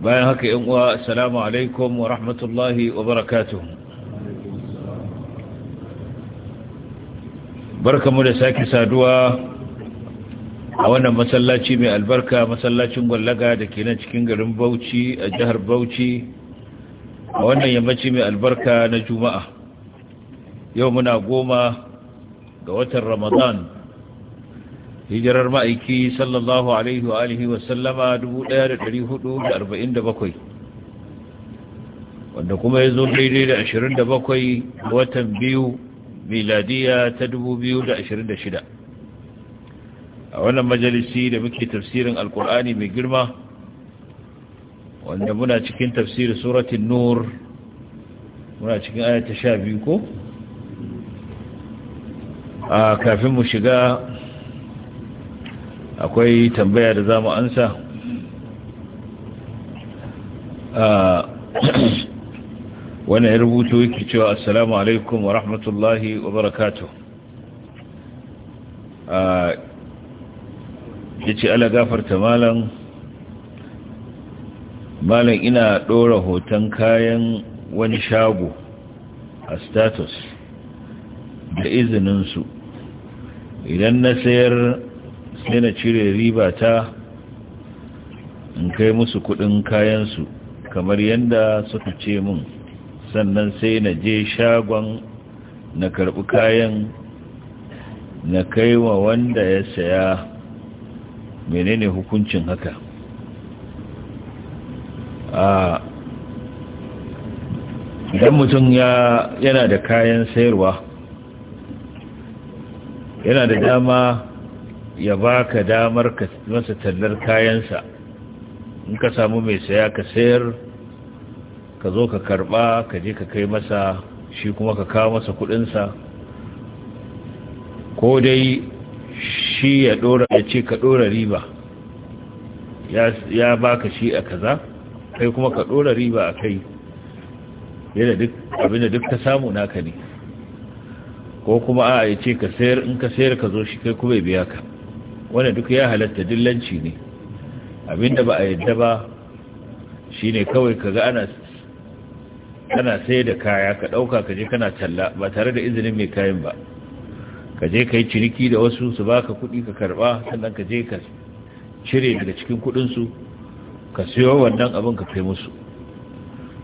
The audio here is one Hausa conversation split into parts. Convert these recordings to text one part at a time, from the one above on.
bayan haka yan uwa assalamu alaikum wa rahmatullahi wa barakatuh barkamu da sake saduwa a wannan masallaci mai albarka masallacin gwallaga da ke nan cikin garin Bauchi a jihar Bauchi a wannan yammaci mai albarka na Juma'a yau muna goma ga watan Ramadan hijirar ma'aiki sallallahu alaihi wa alihi wasallama 1447 wanda kuma ya zo daidai da 27 watan biyu miladiya ta 2026 a wannan majalisi da muke tafsirin alkur'ani mai girma wanda muna cikin tafsirin suratun nur muna cikin ayata sha biyu ko a kafin mu shiga akwai tambaya da za mu ansa wani ya rubuto yake cewa assalamu alaikum wa rahmatullahi wa barakatu ya ce ala gafarta malam malam ina ɗora hoton kayan wani shago a status da izininsu idan na sayar sai na cire riba ta in kai musu kudin kayansu kamar yadda suka ce mun sannan sai na je shagon na karbi kayan na kai wa wanda ya saya menene hukuncin haka a idan mutum yana da kayan sayarwa yana da dama ya baka damar ka masa tallar kayansa in ka samu mai saya ka sayar ka zo ka karba ka je ka kai masa shi kuma ka kawo masa kudinsa ko dai shi ya dora ya ce ka dora riba ya baka shi a kaza kai kuma ka dora riba a kai yadda duk abinda duk ka samu naka ne ko kuma a ya ce ka sayar in ka sayar ka zo shi kai kuma biya ka wanda duk ya halatta dillanci ne abinda ba a yadda ba shi ne kawai kaga ana kana sai da kaya ka ɗauka ka je kana talla ba tare da izinin mai kayan ba ka je ka yi ciniki da wasu su baka kuɗi ka karɓa sannan ka je ka cire daga cikin kuɗinsu ka siyo wannan abin ka kai musu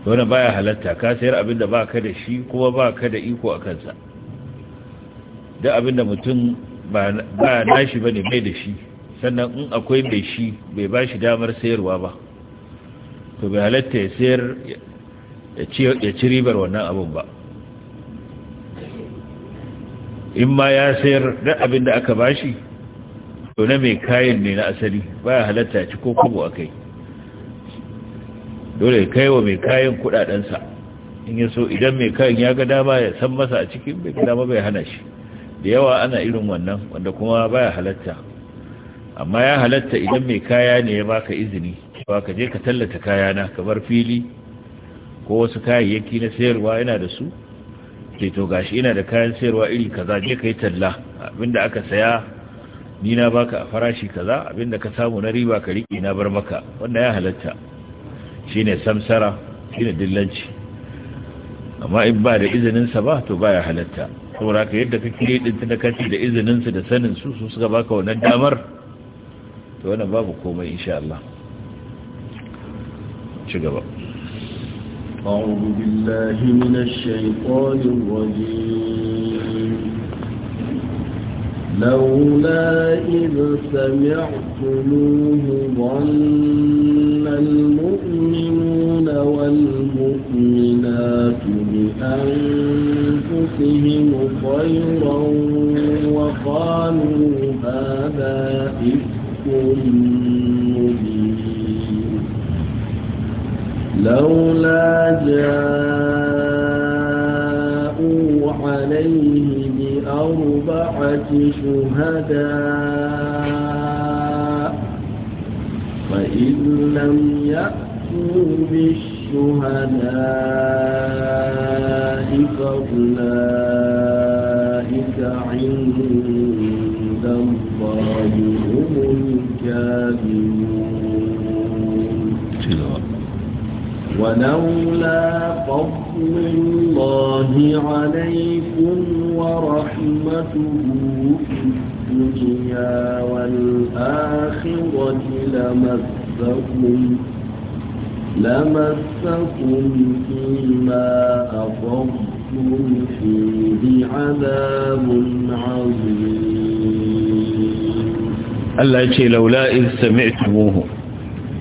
wani ya halatta ka sayar abin ba ka da shi kuma ba ka da iko a kansa da abin mutum ba nashi ne mai da shi sannan in akwai mai shi bai ba shi damar sayarwa ba to bai halatta ya sayar ya ci ribar wannan abin ba in ma ya sayar da abin da aka ba shi to na mai kayan ne na asali ba ya halatta ya ci ko kwabo a kai dole ya kai wa mai kayan kudadensa in ya idan mai kayan ya ga dama ya san masa a cikin bai dama bai hana shi da yawa ana irin wannan wanda kuma baya halatta amma ya halatta idan mai kaya ne ya baka izini ba ka je ka tallata kayana ka bar fili ko wasu kayayyaki na sayarwa yana da su ce to gashi ina da kayan sayarwa iri kaza je ka yi talla abinda aka saya ni na baka a farashi kaza abinda ka samu na riba ka riƙe na bar maka wannan ya halatta shine samsara shine dillanci amma in ba da izininsa ba to baya halatta saboda ka yadda kake yi da kaci da izinin su da sanin su su suka baka wannan damar to wannan babu komai insha Allah ci gaba أعوذ بالله من الشيطان الرجيم لولا إذ سمعتموه ظن المؤمنون والمؤمنات بأنفسهم خيرا وقالوا هذا إفك مبين لولا جاءوا عليه بأربعة شهداء فإن لم يأتوا بالشهداء فأولئك عند الله هم الكاذبون ولولا فضل الله عليكم ورحمته في الدنيا والآخرة لمسكم لمسكم فيما أفضتم فيه عذاب عظيم التي لولا إذ سمعتموه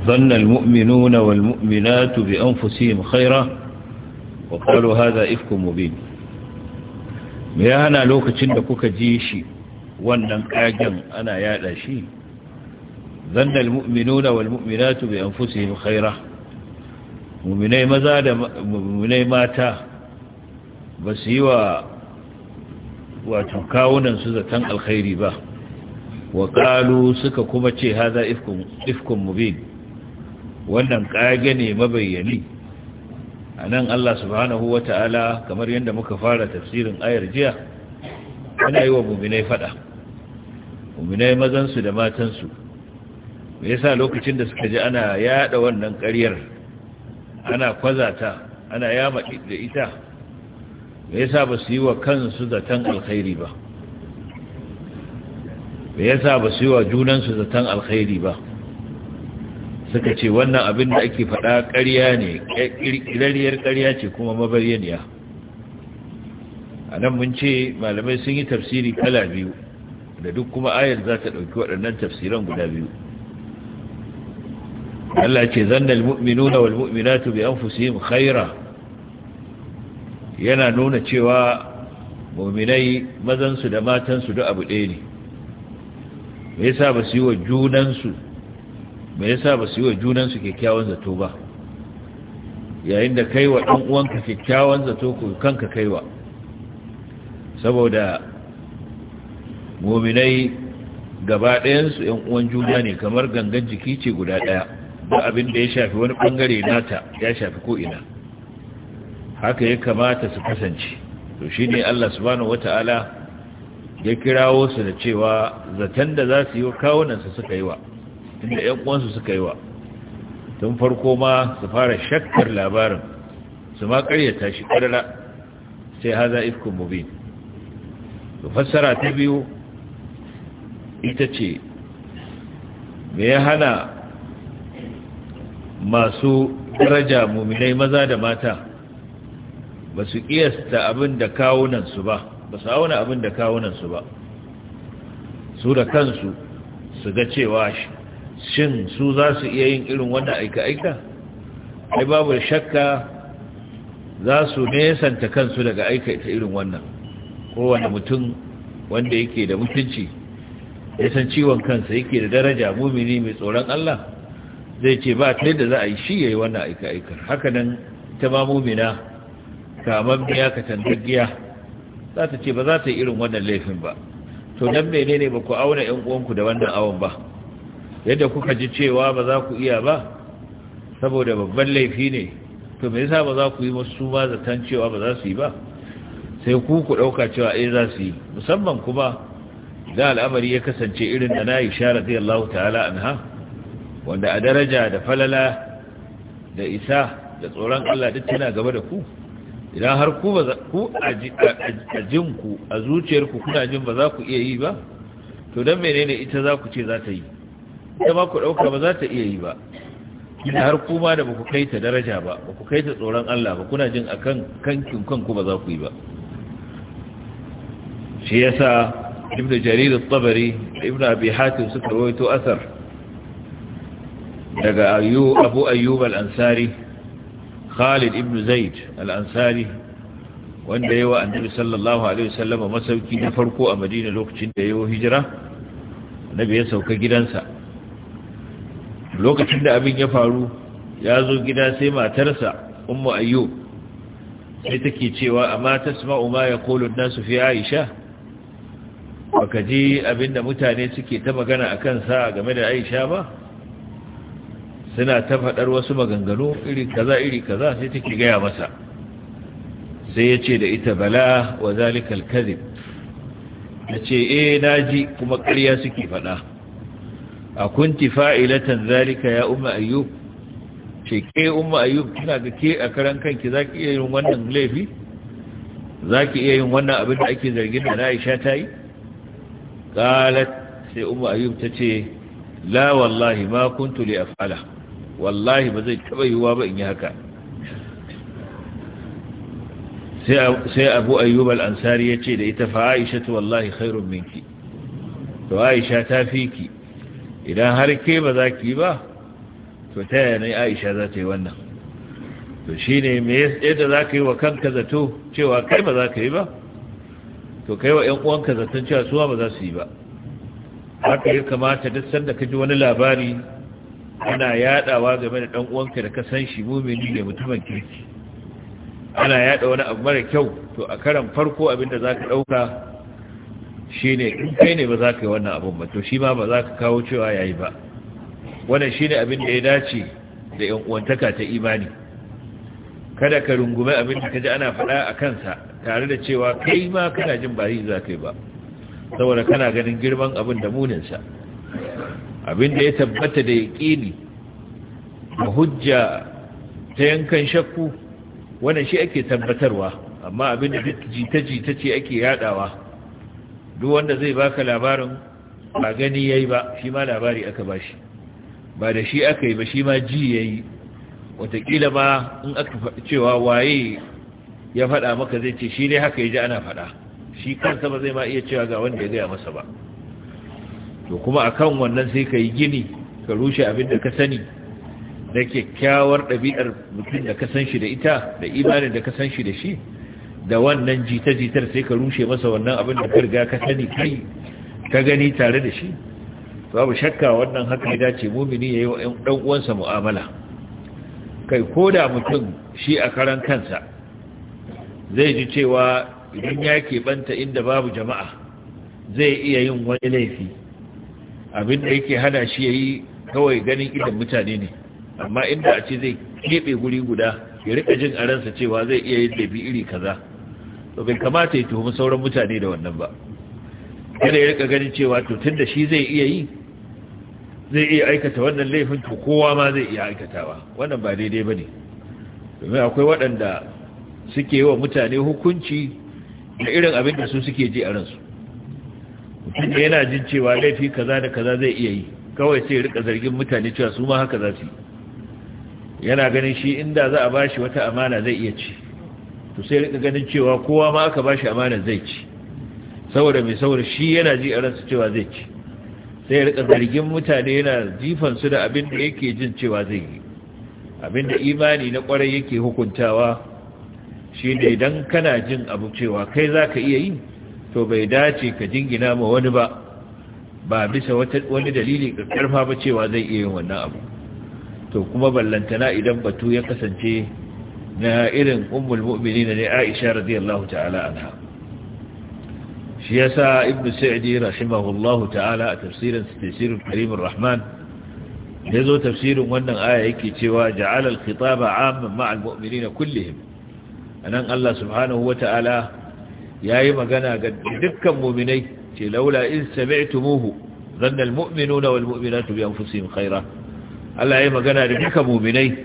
ظن المؤمنون والمؤمنات بأنفسهم خيرا وقالوا هذا إفك مبين ميانا لوك لكوك جيشي وانا آجم أنا يا shi ظن المؤمنون والمؤمنات بأنفسهم خيرا muminai maza da muminai mata ba su yi wa wato kawunansu zaton alkhairi ba wa ƙalu suka kuma ce haza ifkun mubin wannan ƙage ne mabayyani a nan Allah subhanahu wa ta'ala kamar yadda muka fara tafsirin ayar jiya yana yi wa muminai fada muminai mazansu da matansu me yasa lokacin da suka ji ana yada wannan ƙaryar ana kwazata ana yaba da ita me yasa ba su yi wa kansu zaton alkhairi ba me yasa ba su yi wa junansu zaton alkhairi ba suka ce wannan abin da ake faɗa ƙarya ne ƙirƙirariyar ƙarya ce kuma mabaryaniya a nan mun ce malamai sun yi tafsiri kala biyu da duk kuma ayar za ta ɗauki waɗannan tafsiran guda biyu Allah ce zanna mu'minuna walmuminatu mu'minatu bi anfusihim khaira yana nuna cewa mu'minai mazan su da matan su duk abu ɗaya ne me yasa ba su yi wa junan su me yasa ba su yi wa junan su kyakkyawan zato ba yayin da kaiwa wa uwanka kyakkyawan zato ko kanka kaiwa saboda mu'minai gaba ɗayansu ‘yan uwan juna ne kamar gangan jiki ce guda ɗaya da abin da ya shafi wani bangare nata ya shafi ko'ina haka ya kamata su kasance to shi ne Allah subhanahu Ala. ya kirawo su da cewa zaton da za su yi wa kawunansu suka yi wa inda ‘yan'uwansu suka yi wa tun farko ma su fara shakkar labarin su ma karyata shi ƙarara sai haza ifkun mubin to fassara ta biyu ita ce me ya hana masu daraja muminai maza da mata ba su kiyasta abin da kawunansu ba ba su auna abin da kawunansu ba su da kansu su ga cewa shin su za su iya yin irin wannan aika-aika ai babu shakka za su nesanta kansu daga aika ita irin wannan kowane mutum wanda yake da mutunci ya san ciwon kansa yake da daraja mumini mai tsoron Allah zai ce ba ta yadda za a yi shi ya yi wannan aika-aikar haka nan ta ma mumina kamar biya ka tantaggiya za ta ce ba za ta yi irin wannan laifin ba to nan mene ne ba ku auna yan uwanku da wannan awon ba yadda kuka ji cewa ba za ku iya ba saboda babban laifi ne to me yasa ba za ku yi musu ma zaton cewa ba za su yi ba sai ku ku ɗauka cewa eh za su yi musamman kuma da al'amari ya kasance irin da na yi sha radiyallahu ta'ala anha wanda a daraja da falala da isa da tsoron Allah duk tana gaba da ku idan har ku ku a jinku a zuciyarku kuna jin ba za ku iya yi ba to don menene ita za ku ce za ta yi ita ma ku ɗauka ba za ta iya yi ba ina har ma da ba ku kai ta daraja ba ba ku kai ta tsoron Allah ba kuna jin akan kankin kanku ba za ku yi ba shi yasa jaririn jarir at-tabari ibnu abi hatim suka rawaito asar daga abu ayyub ansari khalid ibn zaid al-ansari wanda ya wa annabi sallallahu alaihi Wasallama masauki na farko a madina lokacin da ya hijira annabi ya sauka gidansa lokacin da abin ya faru ya zo gida sai matarsa umma ayyub sai take cewa amma tasma'uma ya yaqulu an-nasu fi aisha baka ji abinda mutane suke ta magana akan sa game da aisha ba suna ta faɗar wasu maganganu iri kaza iri kaza sai take gaya masa sai ya ce da ita bala wa zalikal kadhib ya ce eh naji kuma ƙarya suke faɗa a kunti fa'ilatan zalika ya umma ayyub ce ke umma ayyub kina ga ke a karan kanki za ki iya yin wannan laifi Za ki iya yin wannan abin da ake zargin da Aisha ta yi Ƙalat, sai umma ayyub ta ce, la wallahi ma kuntu li af'ala wallahi ba zai taɓa yiwuwa ba in yi haka sai abu ayyub al'ansari ya ce da ita fa aisha ta wallahi khairun minki to aisha ta fi ki idan har ke ba za ki ba to ta yanayi aisha za ta yi wannan to shi ne yadda za ka yi wa kanka zato cewa kai ba za ka yi ba to kai wa ‘yan uwanka zaton cewa suwa ba za su yi ba haka ya kamata duk sanda ka ji wani labari ana yadawa game da dan uwanka da ka san shi mumini ne mutumin kirki ana yada wani abu mara kyau to a karan farko abinda zaka dauka shine in kai ne ba za ka yi wannan abin ba to shi ma ba za ka kawo cewa yayi ba wannan shine abin da ya dace da yan uwantaka ta imani kada ka rungume abin da ji ana faɗa a kansa tare da cewa kai ma kana jin ba yi za ka yi ba saboda kana ganin girman abin da muninsa Abin da ya tabbata da yaƙini da hujja ta yankan shakku wannan shi ake tabbatarwa amma abinda duk jita-jita ce ake yaɗawa, duk wanda zai baka labarin ba gani yayi ba shi ma labari aka ba shi. ba da shi aka yi ba shi ma ji yi. watakila ma in aka cewa waye ya faɗa maka zai ce shi ne haka ya ji ana faɗa shi kansa ba zai ma iya cewa ga wanda ya gaya masa ba to kuma akan wannan sai ka yi gini ka rushe abin da ka sani da kyakkyawar ɗabi'ar mutum da ka san shi da ita da imanin da ka san shi da shi da wannan jita-jitar sai ka rushe masa wannan abin da ka riga ka sani kai ka gani tare da shi babu shakka wannan haka ya dace mumini ya yi wa ɗan uwansa mu'amala kai ko da mutum shi a karan kansa zai ji cewa idan ya ke banta inda babu jama'a zai iya yin wani laifi abin da yake hana shi yayi kawai ganin idan mutane ne amma inda a ce zai kebe guri guda ya rika jin a ransa cewa zai iya yin dabi iri kaza to bai kamata ya tuhumi sauran mutane da wannan ba kada ya rika ganin cewa to tunda shi zai iya yi zai iya aikata wannan laifin to kowa ma zai iya aikatawa wannan ba daidai ba ne. domin akwai waɗanda suke yi wa mutane hukunci da irin abin da su suke ji a ransu yana jin cewa laifi kaza da kaza zai iya yi kawai sai rika zargin mutane cewa su ma haka za su yi yana ganin shi inda za a bashi wata amana zai iya ci to sai rika ganin cewa kowa ma aka bashi amana zai ci saboda mai saboda shi yana ji a ransa cewa zai ci sai rika zargin mutane yana jifan su da abin da yake jin cewa zai yi abin da imani na kwarai yake hukuntawa shi ne idan kana jin abu cewa kai za ka iya yi to bai dace ka jingina ma wani ba ba bisa wani dalili karfa ba cewa zai iya yin wannan abu to kuma ballantana idan batu ya kasance na irin ummul mu'minina ne Aisha radiyallahu ta'ala anha shi yasa ibnu sa'di rahimahullahu ta'ala a tafsirin tafsirul karimur rahman ya zo tafsirin wannan aya yake cewa ja'ala al-khitaba 'amman ma'al mu'minina kullihim anan Allah subhanahu wa ta'ala yayi magana ga dukkan mu'minai ce laula in sami'tumuhu dhanna almu'minuna walmu'minatu bi anfusihim khaira Allah yayi magana da dukkan mu'minai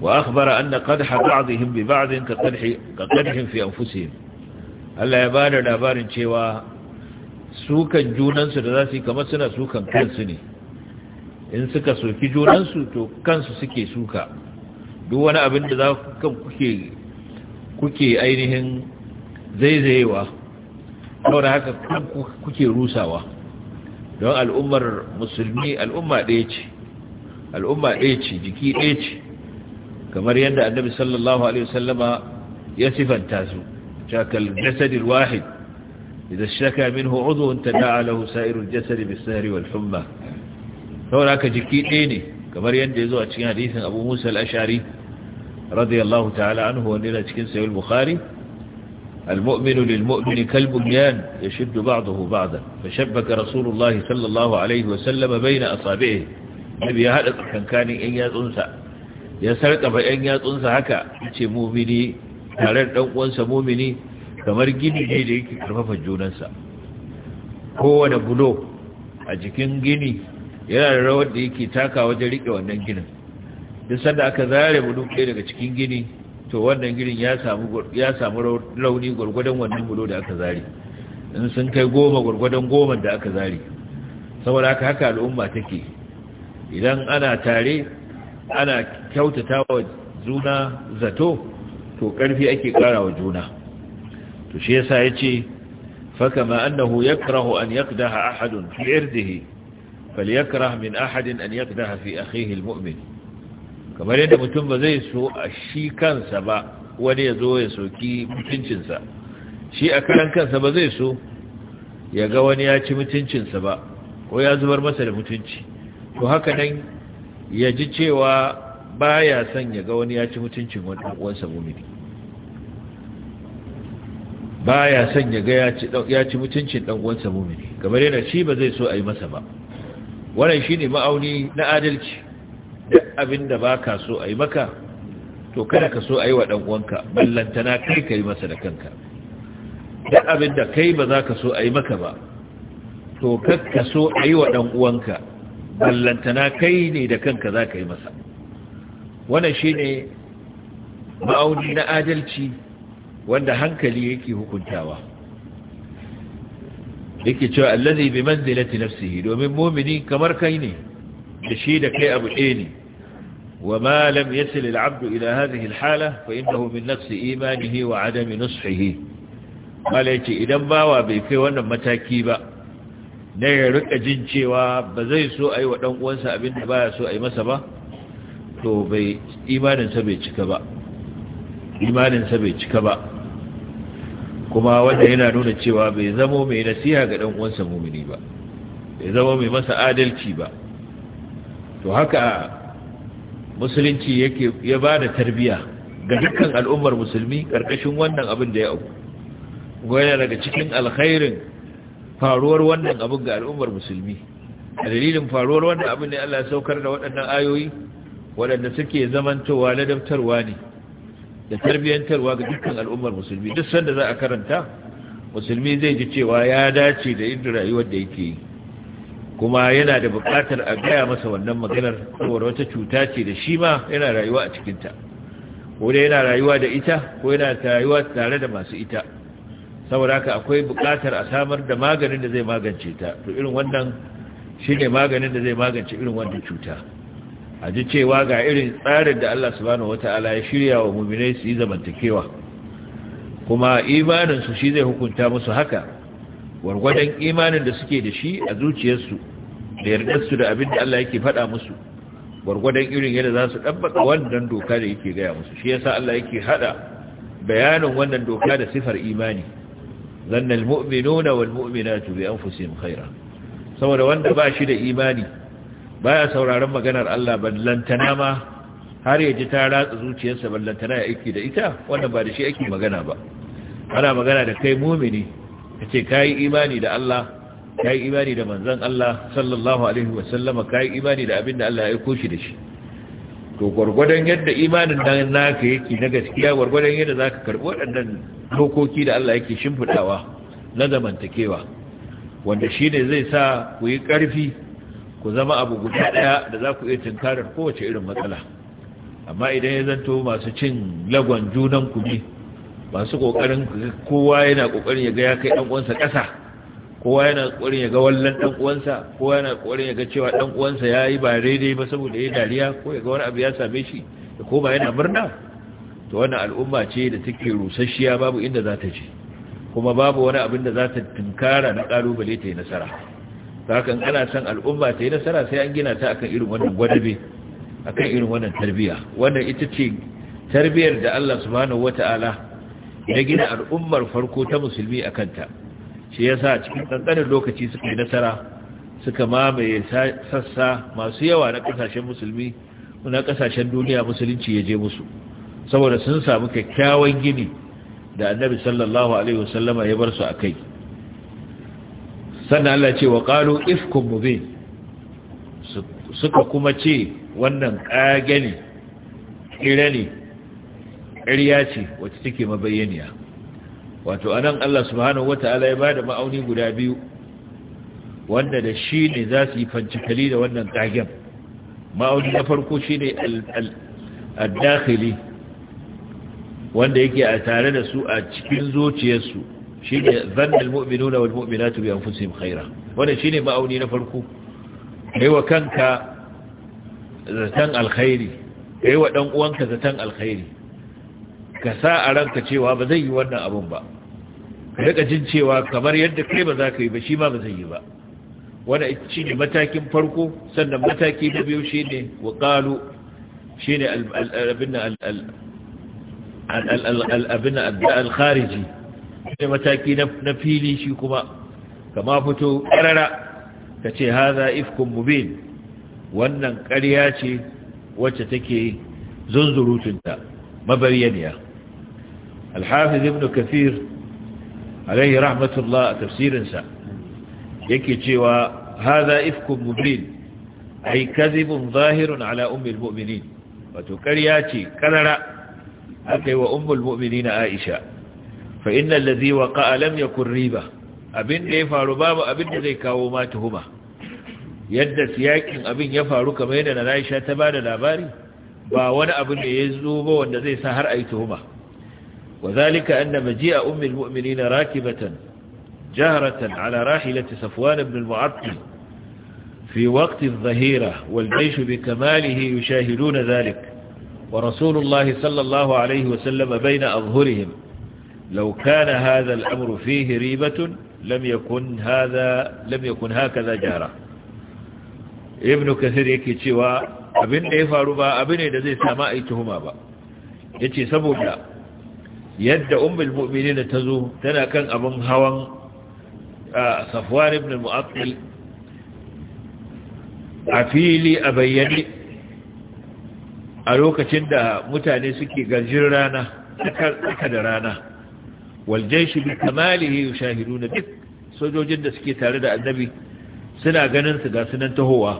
wa akhbara anna qadha ba'dihim bi ba'din ka qadhi ka qadhihim fi anfusihim Allah ya bada labarin cewa sukan junansu da za su yi kamar suna sukan kansu ne in suka soki junansu to kansu suke suka duk wani abin da za kuke kuke ainihin zaizayewa saboda haka kuke rusawa don al'ummar musulmi al'umma ɗaya ce al'umma ɗaya ce jiki ɗaya ce kamar yadda annabi sallallahu alaihi wasallama ya sifanta su shakal jasadil wahid idan shaka minhu udhun tada'a lahu sa'irul jasad bis-sahri wal-humma saboda haka jiki ɗaya ne kamar yadda ya zo a cikin hadisin Abu Musa al-Ash'ari radiyallahu ta'ala anhu wanda cikin sahih al-Bukhari المؤمن للمؤمن كالبنيان يشد بعضه بعضا فشبك رسول الله صلى الله عليه وسلم بين أصابعه nabi ya haɗa tsakankanin 'yan yatsunsa ya sarƙafa 'yan yatsunsa haka ce mumini tare da ɗan'uwansa mumini kamar gini ne da yake ƙarfafa junansa kowane bulo a jikin gini yana da rawar da yake taka wajen riƙe wannan ginin duk sanda aka zare bulo ɗaya daga cikin gini to wannan girin ya samu launi samu wannan bulo da aka zari in sun kai goma gurgudan goma da aka zari saboda haka haka al'umma take idan ana tare ana kyautata wa juna zato to karfi ake ƙara wa juna to shi yasa yace فكما أنه يكره أن يقدح أحد في إرده فليكره من أحد أن يقدح في أخيه المؤمن kamar yadda mutum ba zai so a shi kansa ba wani ya zo ya soki mutuncinsa shi a karan kansa ba zai so ya ga wani ya ci mutuncinsa ba ko ya zubar masa da mutunci to haka nan ya ji cewa ba ya son ya ga wani ya ci mutuncin wani uwansa ba ya son ya ga ya ci mutuncin dan uwansa kamar yana shi ba zai so a yi masa ba wannan shine ma'auni na adalci duk abin da ba ka so a yi maka to kada ka so a yi wa ɗan'uwanka ballantana kai ka yi masa da kanka duk abin da kai ba za ka so a yi maka ba to kakka so a yi wa ɗan'uwanka ballantana kai ne da kanka za ka yi masa wannan shi ne ma'auni na adalci wanda hankali yake hukuntawa yake cewa allazi bi manzilati nafsihi domin mumini kamar kai ne da shi da kai abu ɗaya ne wa malam lam yasil al'abdu ila hadhihi al-hala fa innahu min nafsi imanihi wa adami nushihi mala yace idan bawa bai kai wannan mataki ba na ya rika jin cewa ba zai so ayi wa dan uwansa baya so ayi masa ba to bai imanin bai cika ba imanin bai cika ba kuma wanda yana nuna cewa bai zamo mai nasiha ga dan uwansa mumini ba bai zamo mai masa adalci ba to haka musulunci yake ya ba da tarbiya ga dukkan al'ummar musulmi ƙarƙashin wannan abin da ya auku goya daga cikin alkhairin faruwar wannan abin ga al'ummar musulmi a dalilin faruwar wannan abin ne Allah ya saukar da waɗannan ayoyi waɗanda suke zamantowa ladabtarwa ne da tarbiyyantarwa ga dukkan al'ummar musulmi duk sanda za a karanta musulmi zai ji cewa ya dace da inda rayuwar da yake yi kuma yana da buƙatar a gaya masa wannan maganar kuma wata cuta ce da shi ma yana rayuwa a cikinta ko da yana rayuwa da ita ko yana rayuwa tare da masu ita saboda haka akwai buƙatar a samar da maganin da zai magance ta to irin wannan shi ne maganin da zai magance irin wannan cuta a ji cewa ga irin tsarin da Allah subhanahu wata'ala ya shirya wa muminai su yi zamantakewa kuma imaninsu shi zai hukunta musu haka gwargwadon imanin da suke da shi a zuciyarsu da yardarsu da abin da Allah yake faɗa musu gwargwadon irin yadda za su ɗabbaka wannan doka da yake gaya musu shi yasa Allah yake haɗa bayanin wannan doka da sifar imani zanna mu'minuna wal mu'minatu bi anfusihim khaira saboda wanda ba shi da imani baya sauraron maganar Allah ballantana ma har ya ji ta ratsa zuciyarsa ballantana ya aiki da ita wannan ba da shi ake magana ba ana magana da kai mumini Ka ka kai imani da Allah kai imani da manzon Allah sallallahu alaihi wasallama kai imani da abinda Allah ya aiko shi da shi to gwargwadon yadda imanin nan naka yake na gaskiya gwargwadon yadda zaka karɓi waɗannan dokoki da Allah yake shimfidawa na zamantakewa wanda shi ne zai sa ku yi ƙarfi ku zama abu guda ɗaya da za ku iya tunkarar kowace irin matsala amma idan ya zanto masu cin lagon junan ku ne masu kokarin kowa yana kokarin ya ga ya kai dan uwansa kasa kowa yana kokarin ya ga wallan dan uwansa kowa yana kokarin ya ga cewa dan uwansa yayi ba daidai ba saboda yayi dariya ko ya ga wani abu ya same shi da koma ba yana murna to wannan al'umma ce da take rusasshiya babu inda za ta je kuma babu wani abin da za ta tunkara na kalubale ta yi nasara hakan ana son al'umma ta yi nasara sai an gina ta akan irin wannan gwadabe akan irin wannan tarbiya wannan ita ce tarbiyar da Allah subhanahu wata'ala ya gina al'ummar farko ta musulmi a kanta shi ya sa cikin ƙanƙanin lokaci suka yi nasara suka mamaye sassa masu yawa na ƙasashen musulmi na ƙasashen duniya musulunci ya je musu saboda sun samu kyakkyawan gini da annabi sallallahu alaihi wasallama ya bar su a kai sannan Allah ce wa ƙalo ifkun mubin suka kuma ce wannan ƙage ne ne ƙarya ce wacce take mabayyaniya wato anan Allah subhanahu wata'ala ya bada ma'auni guda biyu wanda da shi ne za su yi fancikali da wannan ƙagen ma'auni na farko shi ne al-dakhili wanda yake a tare da su a cikin zuciyarsu shi ne zannin mu'minuna wal mu'minatu bi anfusihim khaira wanda shi ne ma'auni na farko kai wa kanka zaton alkhairi kai wa dan uwanka zaton alkhairi ka sa a ranka cewa ba zai yi wannan abun ba ka rika jin cewa kamar yadda kai ba za ka yi ba shi ma ba zai yi ba wani shi ne matakin farko sannan mataki na biyu shi ne wa ƙalu shi ne abin al al'ariji. ne mataki na fili shi kuma kama fito ƙarara ka ce haza ifkun mubin wannan ƙarya ce wacce take zunzurutunta mabaryaniya alhafiz ibn Kasir alaihi rahmatullah a tafsirinsa yake cewa haza ifkun mubin ai kazibun zahirun ala ummul mu'minin wato ƙarya ce karara aka yi wa ummul aisha fa innal ladhi waqa'a lam yakun riba abin da ya faru babu abin da zai kawo ma tuhuma yadda siyakin abin ya faru kamar yadda na Aisha ta bada labari ba wani abu ne ya zo ba wanda zai sa har ayi tuhuma وذلك أن مجيء أم المؤمنين راكبة جهرة على راحلة صفوان بن المعطل في وقت الظهيرة والجيش بكماله يشاهدون ذلك ورسول الله صلى الله عليه وسلم بين أظهرهم لو كان هذا الأمر فيه ريبة لم يكن هذا لم يكن هكذا جهرة ابن كثير يكي تشوى ابن da ya faru ba abin تهما با يكي سبو جاء yadda ummul mu'minin ta zo tana kan abin hawan safwan ibn mu'attil a fili a bayyane a lokacin da mutane suke garjin rana tsaka da rana waljaishi bi kamalihi yushahiduna duk sojojin da suke tare da annabi suna ganin su ga sunan tahowa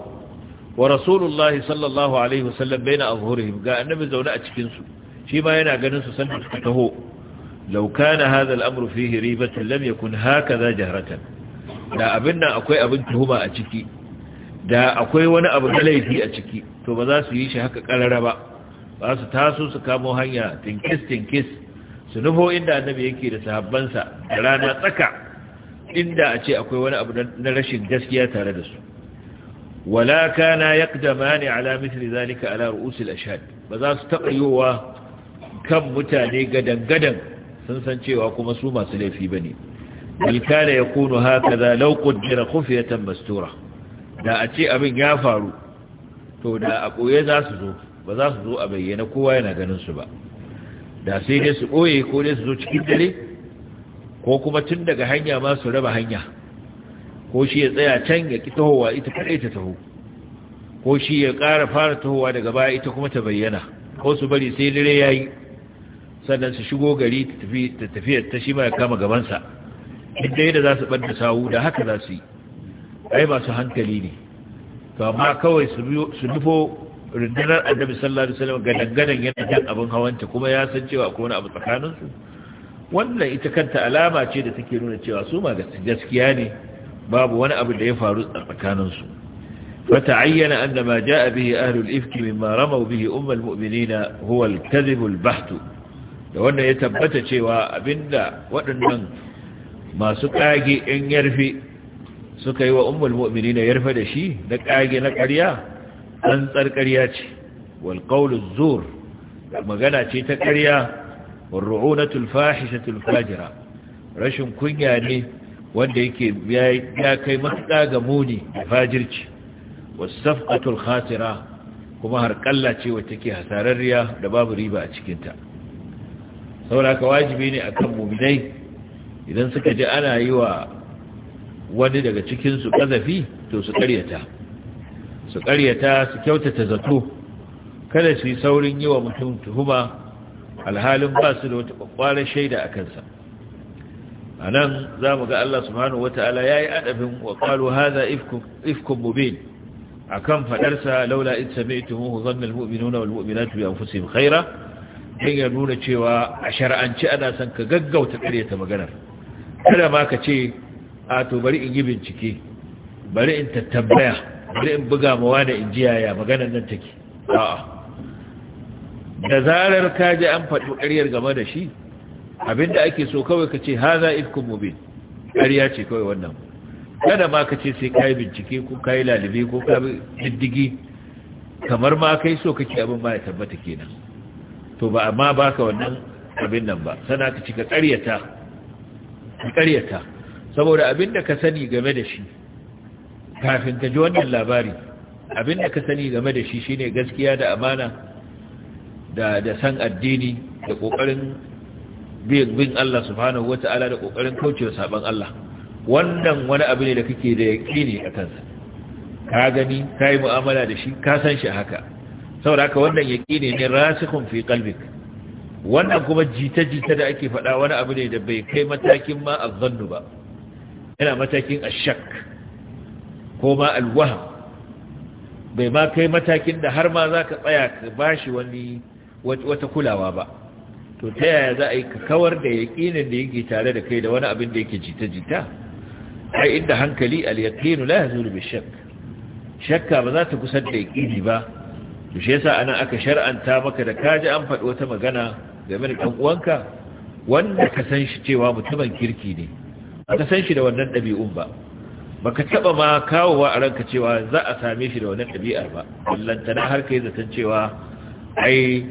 wa rasulullahi sallallahu alaihi wasallam baina azhurihim ga annabi zaune a cikinsu. shi ma yana ganin su san suka taho law kana hadha al-amru fihi ribatan lam yakun hakaza jahratan da abin nan akwai abin tuhuma a ciki da akwai wani abu da laifi a ciki to ba za su yi shi haka karara ba ba su taso su kamo hanya tinkis tinkis su nufo inda annabi yake da sahabbansa da rana tsaka inda a ce akwai wani abu na rashin gaskiya tare da su wala kana yaqdamani ala mithli zalika ala ru'usil ashhad ba za su taɓa yowa kan mutane gadan-gadan sun san cewa kuma su masu laifi ba ne bilkada ya kunu haka za laukun jira kufiyatan mastura da a ce abin ya faru to da a ɓoye za su zo ba za su zo a bayyana kowa yana ganin su ba da sai dai su ɓoye ko dai su zo cikin dare ko kuma tun daga hanya ma su raba hanya ko shi ya tsaya can ya ƙi tahowa ita kaɗai ta taho ko shi ya ƙara fara tahowa daga baya ita kuma ta bayyana ko su bari sai dare ya yi sannan su shigo gari ta tafiya ta shi ma ya kama gabansa inda yadda za su ɓanta sawu da haka za su yi ai masu hankali ne to amma kawai su nufo rundunar annabi sallallahu alaihi wasallam gadan yana jan abin hawanta kuma ya san cewa akwai wani abu tsakaninsu wannan ita kanta alama ce da take nuna cewa su ma gaskiya ne babu wani abu da ya faru tsakaninsu فتعين أن ما جاء به أهل الإفك مما رموا به أم المؤمنين هو الكذب البحث da wannan ya tabbata cewa abinda waɗannan masu ƙage in yarfe suka yi wa ummul mu'mini na yarfe da shi na ƙage na ƙarya an tsarƙarya ce wal qawlu magana ce ta ƙarya wal ru'unatul fahishatul tulfajira. rashin kunya ne wanda yake ya kai matuƙa ga muni da fajirci wasafqatul khatira kuma har kalla ce take hasararriya da babu riba a cikinta saboda ka wajibi ne akan mu'minai idan suka ji ana yi wa wani daga cikin su to su karyata su su kyautata zato kada su yi saurin yi wa mutum tuhuma alhalin ba su da wata kwakwalar shaida a kansa a nan za mu ga Allah subhanahu wa ta'ala ya yi adabin wa ƙwalo haza ifkun mubin a kan faɗarsa laula in sami ita muhu zannin mu'minu na ya fusim khaira don ya nuna cewa a shar'anci ana son ka gaggauta ta maganar kada ma ka ce a to bari in yi bincike bari in tattabaya bari in buga mawa da in jiyaya maganar nan take a'a da zarar ka ji an faɗi ƙaryar game da shi abinda ake so kawai ka ce haza ifkun mubin ƙarya ce kawai wannan kada ma ka ce sai ka yi bincike ko ka yi lalibe ko ka yi diddigi kamar ma kai so kake abin ma ya tabbata kenan to ba amma baka wannan abin nan ba sana ka cika ƙaryata ƙaryata saboda abin da ka sani game da shi kafin ka ji wannan labari abin da ka sani game da shi shine gaskiya da amana da da san addini da kokarin bin bin Allah subhanahu wata'ala da kokarin kaucewa saban Allah wannan wani abu ne da kake da yaqini a kansa ka gani kai mu'amala da shi ka san shi haka saboda haka wannan yaqini ne rasikhun fi qalbik wannan kuma jita-jita da ake faɗa wani abu ne da bai kai matakin ma azzannu ba yana matakin ashak ko ma alwaham bai ma kai matakin da har ma za ka tsaya ka bashi wani wata kulawa ba to ta yaya za a yi ka kawar da yaƙinin da yake tare da kai da wani abin da yake jita-jita ai inda hankali al-yaqinu la yazulu bi shakk shakka ba za ta kusa da yaƙini ba to shi yasa anan aka shar'anta maka da kaji an faɗi wata magana game da ɗan uwanka wanda ka san shi cewa mutumin kirki ne ka san shi da wannan ɗabi'un ba ka taɓa ma kawowa a ranka cewa za a same shi da wannan ɗabi'ar ba lantana har yi zaton cewa ai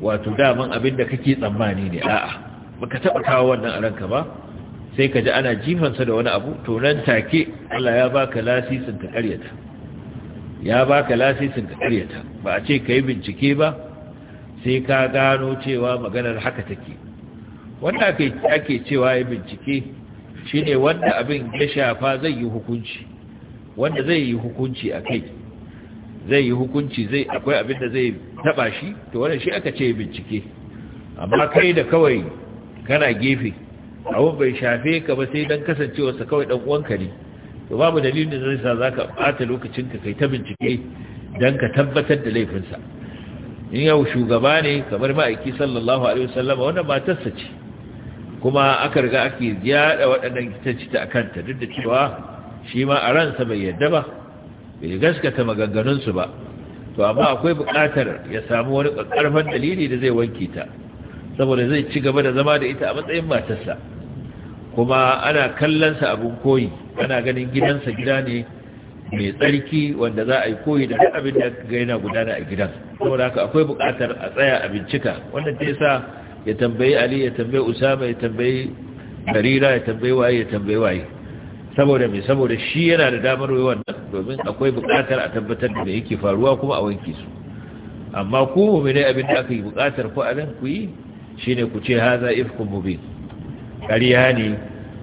wato daman abin da kake tsammani ne a'a ka taba kawo wannan a ranka ba sai ka ji ana jifansa da wani abu to nan take Allah ya baka lasisin ka karyata ya baka lasisin ka karyata ba a ce ka yi bincike ba sai ka gano cewa maganar haka take wanda ake cewa ya bincike shi ne wanda abin ya shafa zai yi hukunci wanda zai yi hukunci a kai zai yi hukunci zai akwai abin da zai taba shi to wannan shi aka ce bincike amma kai da kawai kana gefe abin bai shafe ka ba sai don kasancewarsa kawai ɗan uwanka ne to babu dalilin da zai sa za ka ɓata lokacinka kai ta bincike don ka tabbatar da laifinsa in yau shugaba ne kamar ma'aiki sallallahu alaihi wasallam wanda matarsa ce kuma aka riga ake yada waɗannan kitacita a kanta duk da cewa shi ma a ransa bai yadda ba bai gaskata maganganunsu ba to amma akwai buƙatar ya samu wani ƙarfan dalili da zai wanke ta saboda zai ci gaba da zama da ita a matsayin matarsa kuma ana kallonsa abin koyi ana ganin gidansa gida ne mai tsarki wanda za a yi koyi da abin da ga yana gudana a gidan saboda haka akwai bukatar a tsaya a bincika wannan ta yasa ya tambayi ali ya tambayi usama ya tambayi barira ya tambayi waye ya tambayi waye saboda mai saboda shi yana da damar wai wannan domin akwai bukatar a tabbatar da me yake faruwa kuma a wanke su amma ku mu ne abin da aka yi bukatar ku a ku yi shine ku ce haza ifkum mubin ƙarya ne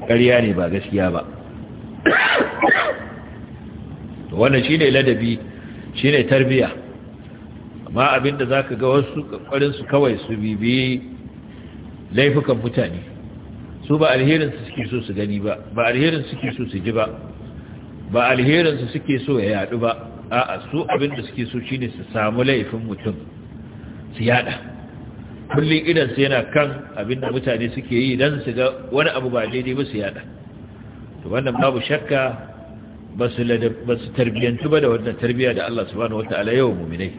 ƙarya ne ba gaskiya ba wannan shine ladabi shine tarbiya amma abinda zaka ga wasu kokarin kawai su bibi laifukan mutane su ba alherin suke so su gani ba ba alherin suke so su ji ba ba alherin suke so ya yadu ba a'a su abinda suke so shine su samu laifin mutum su yada kullum idansa yana kan abinda mutane suke yi don su ga wani abu ba daidai ba su yada to wannan babu shakka ba su tarbiyyantu ba da wannan tarbiyya da Allah subhanahu yawan muminai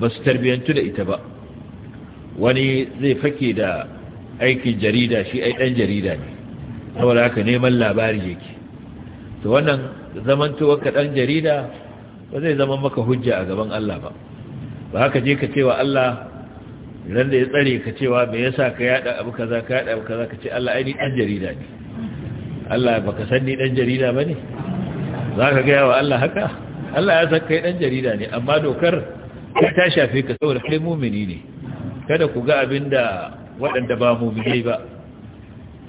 ba su tarbiyyantu da ita ba wani zai fake da aikin jarida shi ai dan jarida ne saboda haka neman labari yake to wannan zamantowar ka dan jarida ba zai zama maka hujja a gaban Allah ba ba haka je ka cewa Allah idan da ya tsare ka cewa me yasa ka yada abu kaza ka yada abu kaza ka ce Allah ai ni dan jarida ne Allah baka san ni dan jarida bane zaka ga yawa Allah haka Allah ya san kai dan jarida ne amma dokar ta shafe ka saboda kai mumini ne kada ku ga abinda waɗanda ba mumini ba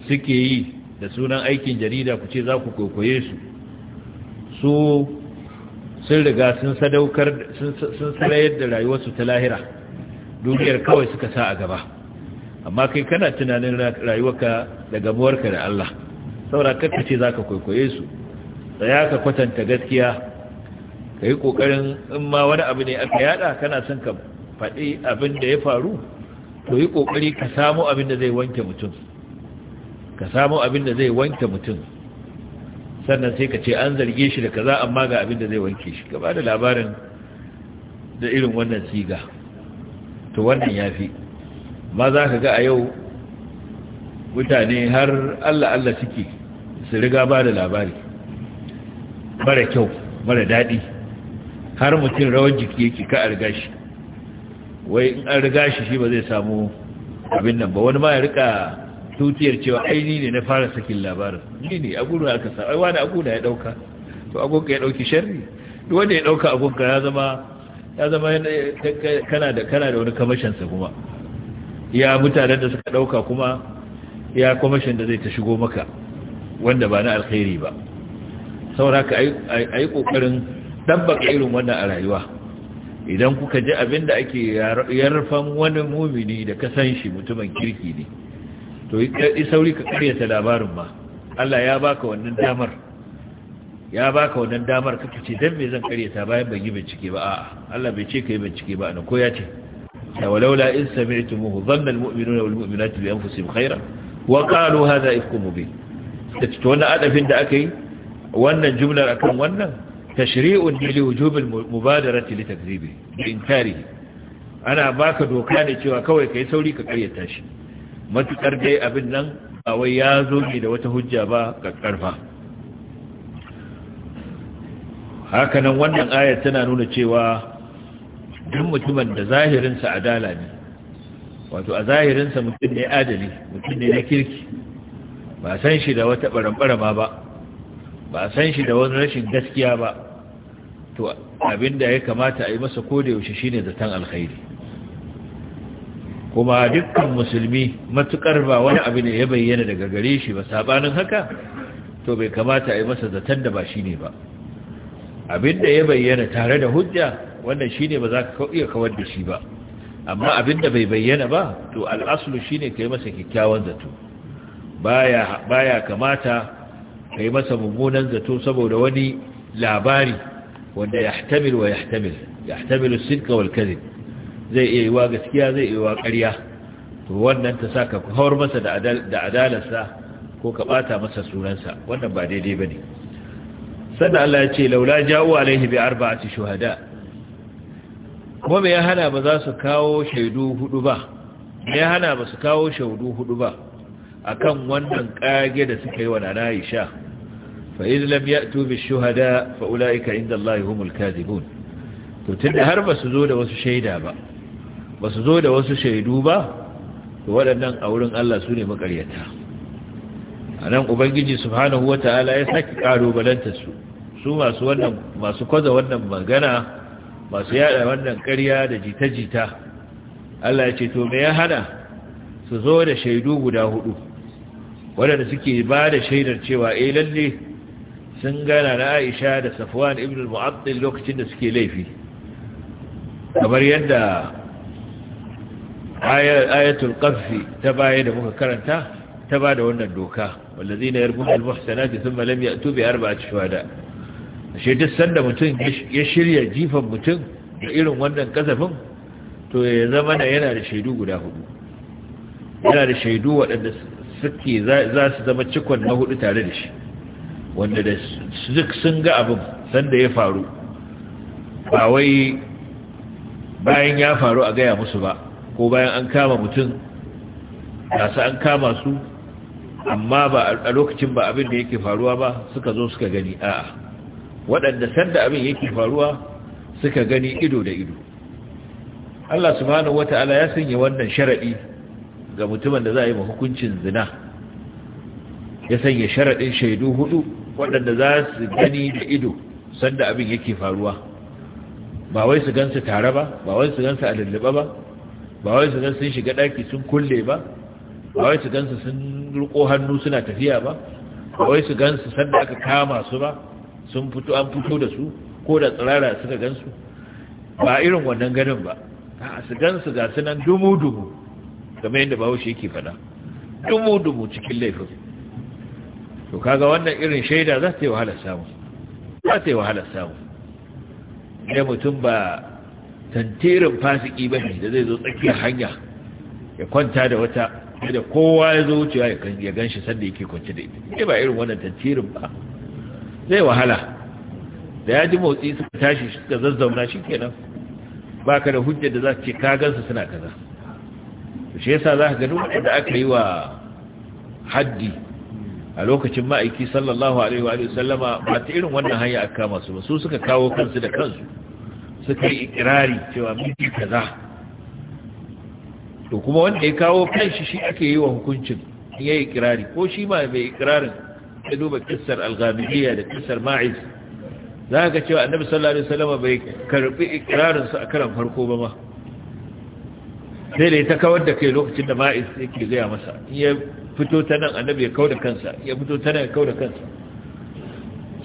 suke yi da sunan aikin jarida ku ce za ku kwaikwaye su su sun riga sun sadaukar sun sarayar da rayuwarsu ta lahira duniyar kawai suka sa a gaba amma kai kana tunanin rayuwarka da gamuwarka da Allah saura kakka ce za ka kwaikwaye su tsaya ka kwatanta gaskiya ka yi ƙoƙarin in ma wani abu ne aka yada kana son ka faɗi abin da ya faru to yi ƙoƙari ka samu abin da zai wanke mutum ka samu abin da zai wanke mutum sannan sai ka ce an zarge shi da kaza amma ga abin da zai wanke shi gaba da labarin da irin wannan siga to wannan ya fi ma za ka ga a yau mutane har allah allah suke su riga ba da labari mara kyau mara daɗi har mutum rawar jiki yake ka a riga shi wai in an riga shi shi ba zai samu abin nan ba wani ma ya rika tutiyar cewa aini ne na fara sakin labarin ni ne aguna aka sa wani aguna ya dauka to agunka ya dauki shari'i wanda ya dauka agunka ya zama ya zama kana da kana da wani kamashinsa kuma ya mutanen da suka dauka kuma ya kamashin da zai ta shigo maka wanda ba na alkhairi ba sauraka a yi kokarin dabbaka irin wannan a rayuwa idan kuka ji abin da ake yarfan wani mumini da ka san shi mutumin kirki ne to yi sauri ka karyata labarin ma Allah ya baka wannan damar ya ba ka wannan damar kake ce dan me zan kareta bayan bai yi bincike ba a'a Allah bai ce kai bincike ba ne ko ya ce walaula in sami'tumuhu dhanna almu'minuna wal mu'minatu bi anfusihim khayran wa qalu hadha ifkum mubin da ta wannan adafin da aka yi wannan jumlar akan wannan tashri'un li wujub al mubadarati li takdhibi bi inkari ana baka doka ne cewa kawai kai sauri ka kareta shi matukar dai abin nan ba wai ya zo ne da wata hujja ba ka karfa hakanan wannan ayar tana nuna cewa duk mutumin da zahirinsa adala ne wato a zahirinsa mutum ne adali mutum ne na kirki ba san shi da wata ɓaramɓarama ba ba san shi da wani rashin gaskiya ba to abinda ya kamata a yi masa ko da kodayaushe shine zaton alkhairi kuma dukkan musulmi matukar ba wani abu ne ya bayyana daga gare shi ba sabanin haka to bai kamata a yi masa zaton da ba shine ba abinda ya bayyana tare da hujja wannan shine ba za ka iya kawar da shi ba amma abinda bai bayyana ba to al'aslu shine kai masa kyakkyawan zato baya baya kamata kai masa mummunan zato saboda wani labari wanda yahtamil wa yahtamil yahtamilu sidqa wal kadhib zai iya yiwa gaskiya zai iya yiwa ƙarya to wannan ta saka ka hawar masa da adalarsa ko ka bata masa sunansa wannan ba daidai bane sannan Allah ya ce laula ja'u alaihi bi arba'ati shuhada kuma me ya hana ba za su kawo shaidu hudu ba me ya hana ba su kawo shaidu hudu ba akan wannan kage da suka yi wa nana Aisha fa iz lam ya'tu bi shuhada fa ulaika inda Allah humul kadhibun to tunda har ba su zo da wasu shaida ba ba su zo da wasu shaidu ba to waɗannan a wurin Allah su ne makaryata anan ubangiji subhanahu wa ta'ala ya saki ƙalubalantar su su masu kwaza wannan magana masu yada wannan ƙarya da jita-jita Allah ya ce to me ya hana su zo da shaidu guda hudu waɗanda suke ba da shaidar cewa eh lalle sun gana na Aisha da Safwan ibn al-Mu'attil lokacin da suke laifi kamar yadda ayatul qaffi ta baya da muka karanta ta ba da wannan doka wallazina yarmuna al-muhsanati thumma lam ya'tu bi arba'ati shuhada' ashe duk sanda mutum ya shirya jifan mutum da irin wannan kasafin to ya zama na yana da shaidu guda hudu yana da shaidu waɗanda suke za su zama cikon na hudu tare da shi wanda da duk sun ga abin sanda ya faru ba wai bayan ya faru a gaya musu ba ko bayan an kama mutum su an kama su amma ba a lokacin ba abin da yake faruwa ba suka zo suka gani a'a waɗanda sanda abin yake faruwa suka gani ido da ido Allah subhanahu wata'ala ya sanya wannan sharaɗi ga mutumin da za a yi hukuncin zina ya sanya sharadin shaidu hudu waɗanda za su gani da ido sanda abin yake faruwa ba wai su gansu tare ba ba wai su gansu a lullube ba ba wai su gansu sun shiga ɗaki sun kulle ba ba wai su gansu sun riko hannu suna tafiya ba ba wai su gansu sanda aka kama su ba sun fito an fito da su ko da tsirara suka gansu ba irin wannan ganin ba a su gansu ga su nan dumu-dumu game yadda wushe yake fada dumu-dumu cikin laifin to kaga wannan irin shaida za ta yi wahala samu za ta yi wahala samu ne mutum ba tantirin fasiki ba da zai zo tsakiyar hanya ya kwanta da wata da kowa ya zo wucewa ya gan shi sanda yake kwanci da ita ne ba irin wannan tantirin ba zai wahala da ya ji motsi suka tashi suka zazzauna shi kenan ba ka da hujjar da za ce kagansu suna kaza shi yasa za ka gani waɗanda aka yi wa haddi a lokacin ma'aiki sallallahu alaihi wa sallama ba ta irin wannan hanya a kama su ba su suka kawo kansu da kansu suka yi ikirari cewa miki kaza to kuma wanda ya kawo kanshi shi ake yi wa hukuncin ya yi ikirari ko shi ma mai ikirarin ya duba kissar al da kissar ma'iz za ka cewa annabi sallallahu alaihi wasallam bai karbi ikrarin sa a karan farko ba ma sai dai ta kawar da kai lokacin da ma'iz yake gaya masa ya fito ta nan annabi ya kauda kansa ya fito ta nan ya da kansa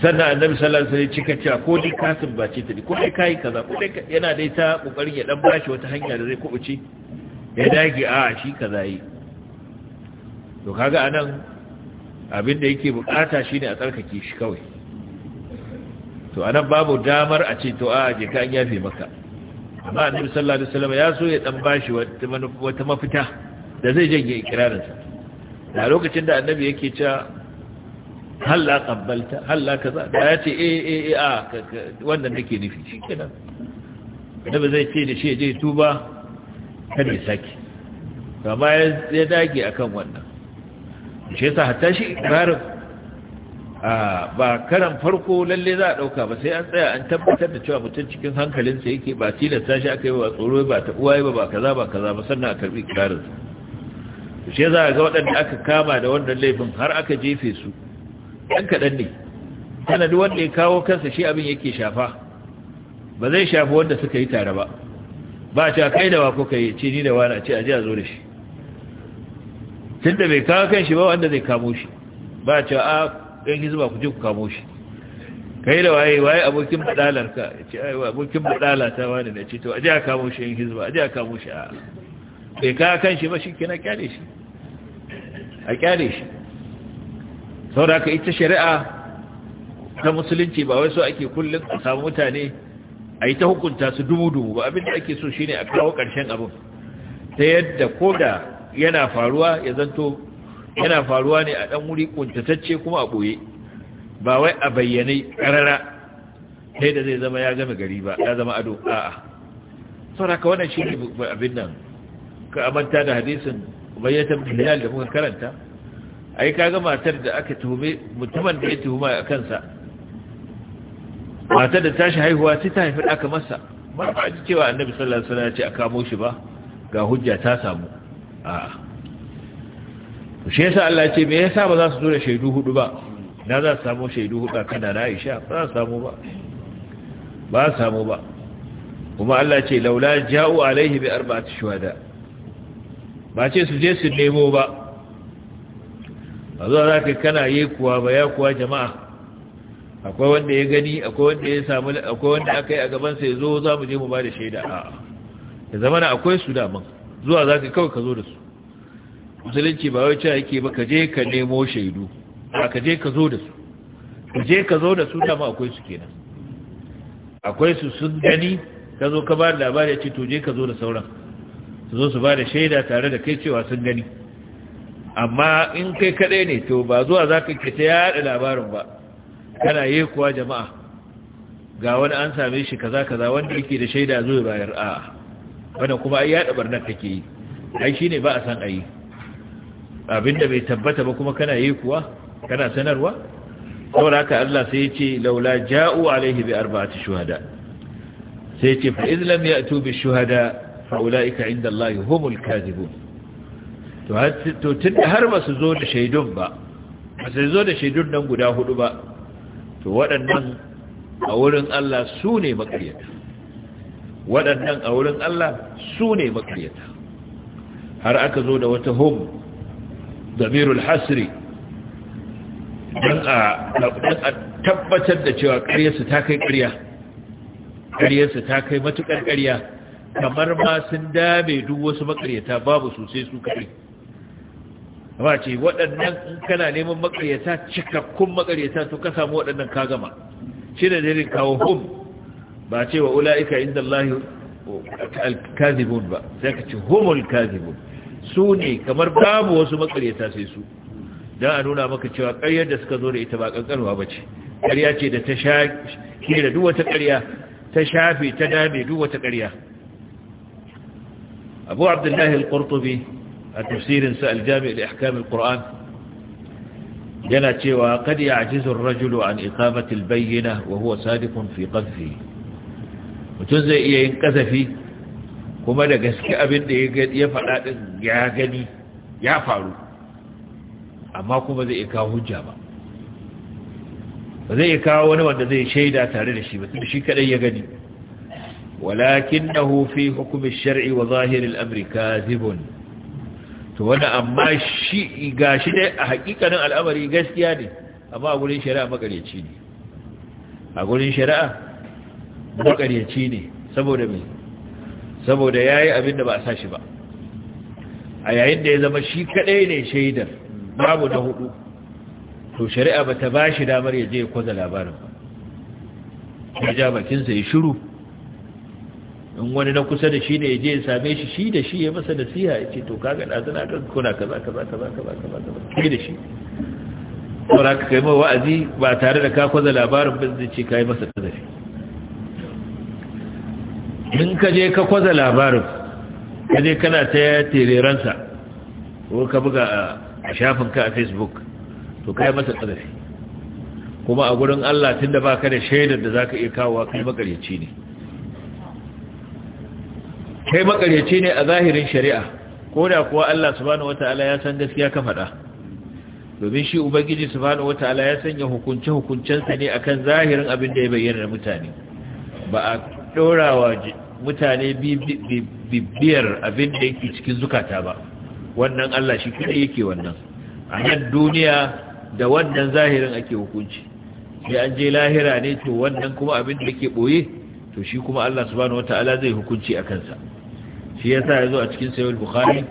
sannan annabi sallallahu alaihi wasallam cika cewa ko dai ka sumbace ta ko dai kai kaza ko dai yana dai ta kokarin ya dan bashi wata hanya da zai kubuce ya dage a shi kaza yi to kaga anan abinda yake bukata shine a tsarkake shi kawai to anan babu damar a ce to a je ka an yafe maka amma annabi sallallahu alaihi wasallam ya so ya dan bashi wata mafita da zai janye ikirarin sa da lokacin da annabi yake cewa hal la qabbalta hal la kaza da ya ce eh eh eh a wannan nake nufi shikenan annabi zai ce da shi je tuba kada ya sake. amma ya dage akan wannan shi yasa hatta shi a ba karan farko lalle za a dauka ba sai an tsaya an tabbatar da cewa mutum cikin hankalinsa yake ba tilasta shi aka yi ba tsoro ba ta uwaye ba ba kaza ba kaza ba sannan a karbi ikrarin shi a ga waɗanda aka kama da wannan laifin har aka jefe su ɗan kaɗan ne duk wanda ya kawo kansa shi abin yake shafa ba zai shafi wanda suka yi tare ba ba ta kai da wa kuka yi ce ni da wani a ce a ji a zo da shi tun da bai kawo kan shi ba wanda zai kamo shi ba a cewa a ɗan hizba ku je ku kamo shi kai da waye waye abokin badalar ka ce ai abokin badala ta wani na ce to aje a kamo shi in hizba aje a kamo shi a bai kawo kan shi ba shi kina kyale shi a kyale shi saboda ka ita shari'a ta musulunci ba wai so ake kullum a samu mutane a yi ta hukunta su dubu dubu ba abin da ake so shine a kawo ƙarshen abin ta yadda ko da yana faruwa ya zanto yana faruwa ne a ɗan wuri ƙuntatacce kuma a ɓoye ba wai a bayyane ƙarara sai da zai zama ya gami gari ba ya zama ado a'a sauraka wannan shi ne abin nan ka amanta da hadisin bayyatar bilal da muka karanta yi kaga matar da aka tuhume mutumin da ya tuhuma a kansa matar da tashi haihuwa sai ta haifi aka masa ba a ji cewa annabi sallallahu alaihi wasallam ya ce a kamo shi ba ga hujja ta samu a shi yasa Allah ce me yasa ba za su zo da shaidu hudu ba na za su samu shaidu hudu kana da Aisha ba za su samu ba ba su samu ba kuma Allah ce laula ja'u alaihi bi arba'ati shuhada ba ce su je su nemo ba ba za ka kana yi kuwa ba ya kuwa jama'a akwai wanda ya gani akwai wanda ya samu akwai wanda aka yi a gaban sa ya zo za mu je mu ba da shaida a'a ya zama akwai su daman zuwa za ka kawai ka zo da su musulunci ba wacce ake yake ba ka je ka nemo shaidu ba ka je ka zo da su ka je ka zo da su dama akwai su kenan akwai su sun gani ka zo ka ba da labari ce to je ka zo da sauran su zo su ba da shaida tare da kai cewa sun gani amma in kai kaɗai ne to ba zuwa za ka kita yaɗa labarin ba kana yi kuwa jama'a ga wani an same shi kaza kaza wanda yake da shaida zuwa bayar a'a wannan kuma ai yada barnar kake yi ai shine ba a san ayi abinda bai tabbata ba kuma kana yi kuwa kana sanarwa saboda haka Allah sai ya ce laula ja'u alaihi bi arba'ati shuhada sai ya ce fa iz lam ya'tu bi shuhada fa ulaika inda Allah humul kadhibun to har to tunda har ba su zo da shaidun ba ba su zo da shaidun nan guda hudu ba to waɗannan a wurin Allah su ne maƙaryata waɗannan a wurin Allah su ne makaryata har aka zo da wata hum damirul hasri don a tabbatar da cewa ƙaryarsu ta kai karya, ƙaryarsu ta kai matuƙar karya, kamar ma sun dame duk wasu makaryata babu sosai su kare Ba ce waɗannan kana neman makaryata cikakkun makaryata to ka samu waɗannan ka gama shi da kawo hum ba ce wa ula'ika inda Allah al-kazibun ba sai ka ce humul kazibun su ne kamar babu wasu makaryata sai su don a nuna maka cewa karyar da suka zo da ita ba kankanwa ba ce karya ce da ta shafi da duk wata karya ta shafi ta dame duk wata karya abu abdullahi al-qurtubi a tafsirinsa al al-ihkam al-qur'an yana cewa kad ya'jizu ar-rajulu an iqamati al-bayyinah wa huwa sadiqun fi qadfihi mutum zai iya yin kazafi kuma da gaske abin da ya faɗa ɗin ya gani ya faru amma kuma zai iya kawo hujja ba ba zai iya kawo wani wanda zai shaida tare da shi ba tun shi kaɗai ya gani walakin na hufi hukumin shari'i wa zahirin amurka zibon to wani amma shi ga shi dai a hakikanin al'amari gaskiya ne amma a gurin shari'a magareci ne a wurin shari'a makaryaci ne saboda mai saboda ya abin da ba a sashi ba a yayin da ya zama shi kadai ne shaidar babu na hudu to shari'a ba ta ba shi damar ya je kwaza labarin ba ya ja bakinsa ya shiru in wani na kusa da shi ne ya je ya same shi shi da shi ya masa nasiha ya ce to kaga ɗazana kan kuna kaza kaza kaza kaza kaza kaza kai da shi za ka kai ma wa'azi ba tare da ka kwaza labarin ba zai ce ka yi masa tazafi in ka je ka kwaza labarin ka je kana ta tereransa ko ka buga a shafinka a facebook to kai masa tsarafi kuma a gurin Allah tun da ka da shaidar da zaka iya kawo kai makaryaci ne kai makaryaci ne a zahirin shari'a ko da kuwa Allah subhanahu wataala ya san gaskiya ka faɗa domin shi ubangiji subhanahu wataala ya sanya hukunce hukuncensa ne akan zahirin abin da ya bayyana da mutane ba a ɗorawa mutane bibiyar abin da yake cikin zukata ba wannan Allah shi kuma yake wannan a nan duniya da wannan zahirin ake hukunci sai an je lahira ne to wannan kuma abin da yake ɓoye. to shi kuma Allah subhanahu wataala zai hukunci a kansa shi ya sa ya zo a cikin sayar bukhari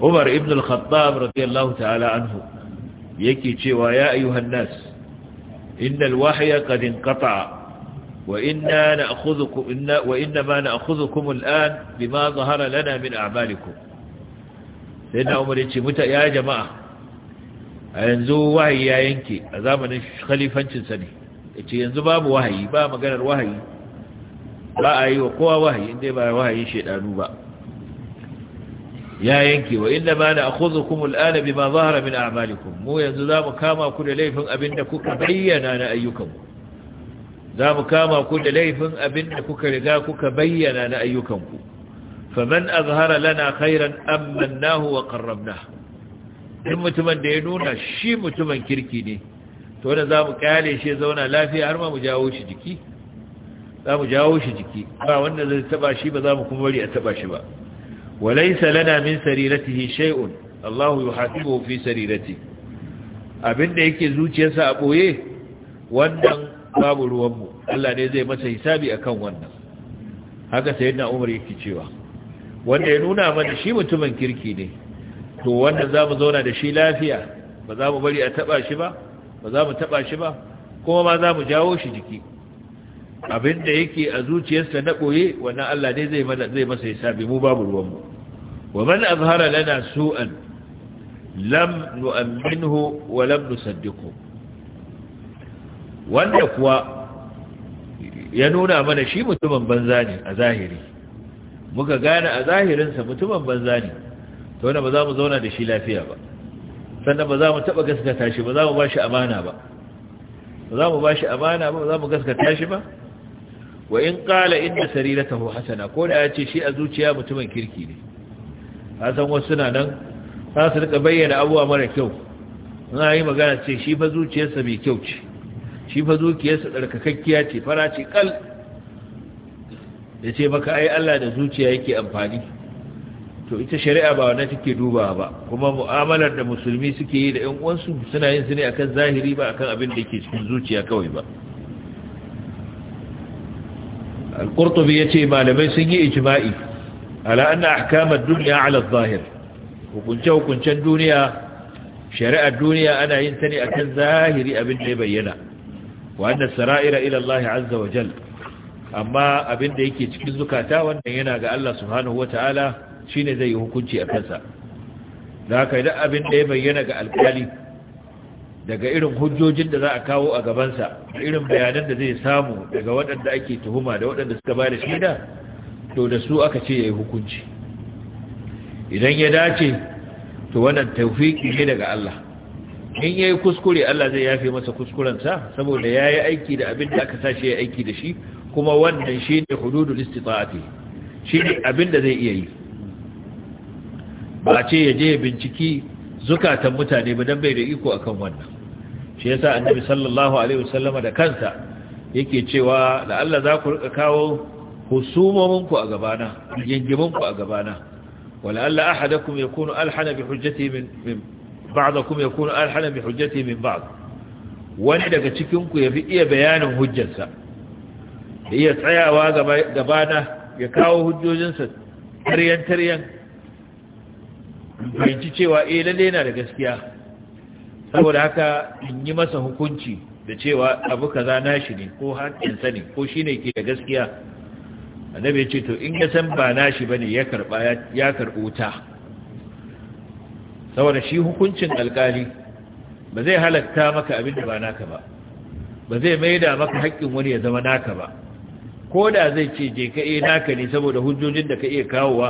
Umar ibn al-Khattab radiyallahu ta'ala anhu yake cewa ya ayyuhan nas innal wahya qad inqata'a وإنا نأخذكم إن وإنما نأخذكم الآن بما ظهر لنا من أعمالكم سيدنا عمر يتي متى يا جماعة ينزو وحي يا ينكي أزامن خليفة سني يتي ينزو باب وحي با مغانا الوحي با أي وقوى وحي إندي با وحي شيطانو با يا ينكي وإنما نأخذكم الآن بما ظهر من أعمالكم مو ينزو ذا مكاما كل ليفن أبنكم بينا أيكم za mu kama ku da laifin abin da kuka riga kuka bayyana na ayyukanku faman azhara lana khairan ammannahu wa qarrabnahu in mutumin da ya nuna shi mutumin kirki ne to da za mu kyale shi zauna lafiya har ma mu jawo shi jiki za mu jawo shi jiki ba wanda zai taba shi ba za mu kuma bari a taba shi ba walaysa lana min sariratihi shay'un Allahu yuhasibuhu fi sarirati abinda yake zuciyarsa a boye wannan babu ruwanmu Allah ne zai masa hisabi akan wannan haka sayyidina Umar yake cewa wanda ya nuna mana shi mutumin kirki ne to wanda mu zauna da shi lafiya ba za mu bari a taba shi ba ba za mu taba shi ba kuma ma za mu jawo shi jiki abinda yake a zuciyarsa na koye wannan Allah ne zai zai masa hisabi mu babu ruwan mu wa man azhara lana su'an lam nu'minhu wa lam nusaddiqhu wanda kuwa ya nuna mana shi mutumin banza ne a zahiri muka gane a zahirinsa mutumin banza ne ta wanda ba za mu zauna da shi lafiya ba sannan ba za mu taɓa gaskata shi ba za mu ba shi amana ba ba za mu ba shi amana ba ba za mu gaskata shi ba wa in ƙala inda taho hasana ko da ya ce shi a zuciya mutumin kirki ne hasan wasu na nan za su rika bayyana abuwa mara kyau na yi magana ce shi fa zuciyarsa mai kyau ce shi fa zuciyarsa tsarkakakkiya ce fara ce ƙal. ya ce maka ai Allah da zuciya yake amfani to ita shari'a ba wanda take duba ba kuma mu'amalar da musulmi suke yi da 'yan uwansu suna yin su ne akan zahiri ba akan abin da ke cikin zuciya kawai ba al-qurtubi ce malamai sun yi ijima'i ala anna ahkam duniya dunya ala adh hukunce hukuncen duniya shari'ar duniya ana yin ta ne akan zahiri abin da ya bayyana wa anna sara'ira ila Allah azza wa jal amma abin da yake cikin zukata wannan yana ga Allah subhanahu wataala shine zai yi hukunci a kansa da haka idan abin da ya bayyana ga alkali daga irin hujjojin da za a kawo a gabansa irin bayanan da zai samu daga waɗanda ake tuhuma da waɗanda suka ba da shaida to da su aka ce ya yi hukunci idan ya dace to wannan taufiki ne daga Allah in yayi kuskure Allah zai yafe masa kuskurensa saboda yayi aiki da abin da aka sace ya aiki da shi kuma wannan shine hududul istita'ati shine abin da zai iya yi ba ce ya je binciki zukatan mutane ba dan bai da iko akan wannan shi yasa annabi sallallahu alaihi wasallama da kansa yake cewa la Allah za ku rika kawo husumominku a gabana ku a gabana wala Allah ahadakum yakunu alhana bi hujjati min kuma ba'dakum yakunu alhana bi hujjati min ba'd wani daga cikin ku yafi iya bayanin hujjarsa da iya tsayawa gabana ya kawo hujjojinsa taryan taryan fahimci cewa eh lallai yana da gaskiya saboda haka in yi masa hukunci da cewa abu kaza nashi ne ko haƙƙinsa ne ko shine ke da gaskiya annabi ya ce to in ya san ba nashi bane ya karba ya karbo ta saboda shi hukuncin alkali ba zai halatta maka abin da ba naka ba ba zai maida maka haƙƙin wani ya zama naka ba ko da zai ce je ka iya naka ne saboda hujjojin da ka iya kawowa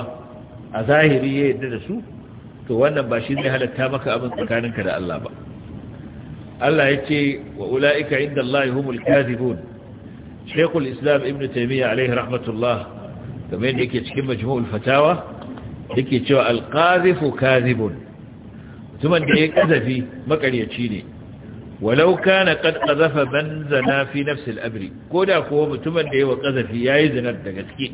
a zahiri ya yadda da su to wannan ba shi zai halatta maka abin tsakaninka da Allah ba Allah ya ce wa ula'ika inda Allah ya humul kazibun shekul islam ibn taimiyya alaihi rahmatullah game da yake cikin majmu'ul fatawa yake cewa alqazifu kazibun zuman da ya kazafi makaryaci ne walau kana qad qazafa man fi nafsi al-abri koda ko mutumin da yawa kazafi yayi zinar da gaske